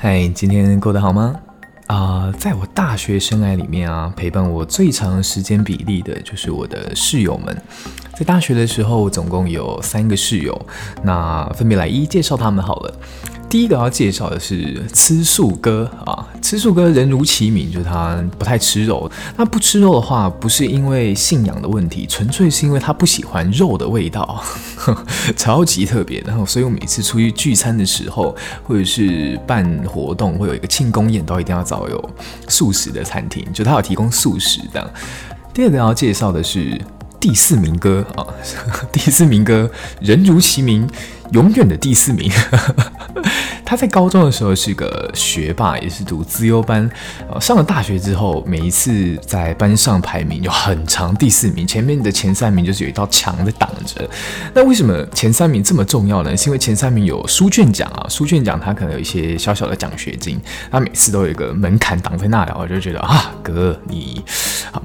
嗨，Hi, 今天過得好嗎？啊，uh，在我大學生涯裡面啊，陪伴我最長時間比例的就是我的室友們。在大學的時候，我總共有三個室友，那分別來一一介紹他們好了。第一個要介紹的是吃素哥啊，吃素哥人如其名，就是他不太吃肉。他不吃肉的話，不是因為信仰的問題，純粹是因為他不喜歡肉的味道，呵呵超級特別。然後，所以我每次出去聚餐的時候，或者是辦活動，會有一個慶功宴，都一定要找有素食的餐廳，就他有提供素食的。第二個要介紹的是。第四名哥啊，第四名哥，人如其名，永遠的第四名。呵呵，他在高中的時候是一個學霸，也是讀資優班，啊，上了大學之後，每一次在班上排名，就很長第四名，前面的前三名就是有一道牆的擋着。那為什麼前三名這麼重要呢？是因為前三名有書卷獎啊，書卷獎他可能有一些小小的獎學金。他每次都有一個門檻擋在那裡。我就覺得啊，哥，你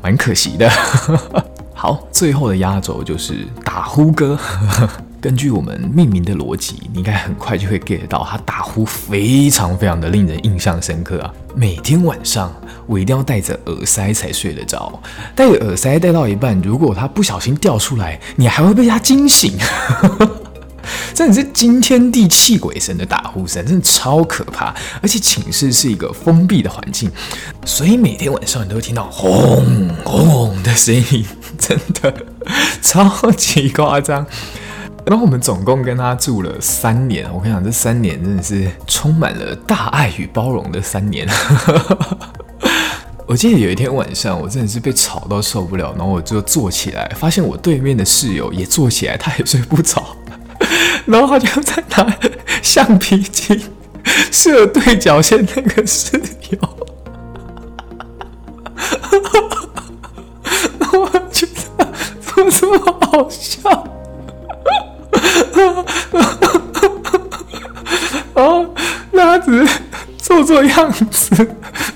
蠻可惜的。呵呵好，最後的壓軸就是打呼哥。 根據我們命名的邏輯，你應該很快就會 get 到，他打呼非常非常的令人印象深刻啊！每天晚上我一定要戴着耳塞才睡得着，戴着耳塞戴到一半，如果他不小心掉出來，你還會被他驚醒。真 的是驚天地泣鬼神的打呼聲，真的超可怕。而且寢室是一個封閉的環境，所以每天晚上你都會聽到轟轟的聲音。真的超級誇張，然後我們總共跟他住了三年。我跟你講，這三年真的是充滿了大愛與包容的三年。我記得有一天晚上，我真的是被吵到受不了，然後我就坐起來，發現我對面的室友也坐起來，他也睡不着，然後他就在拿橡皮筋射對角線那個室友。好笑，然後那他只是做做樣子，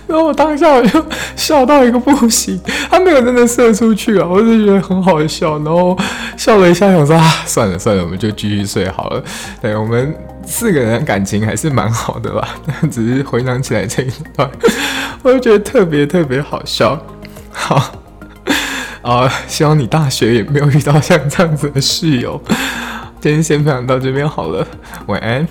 然後我當下我就笑到一個不行，他沒有真的射出去啊，我就覺得很好笑，然後笑了一下，想說啊，算了算了，我們就繼續睡好了。對，我們四個人感情還是蠻好的吧，但只是回想起來這一段，我就覺得特別特別好笑。好。啊，uh, 希望你大學也沒有遇到像這樣子的室友。 今天先分享到這邊好了，晚安。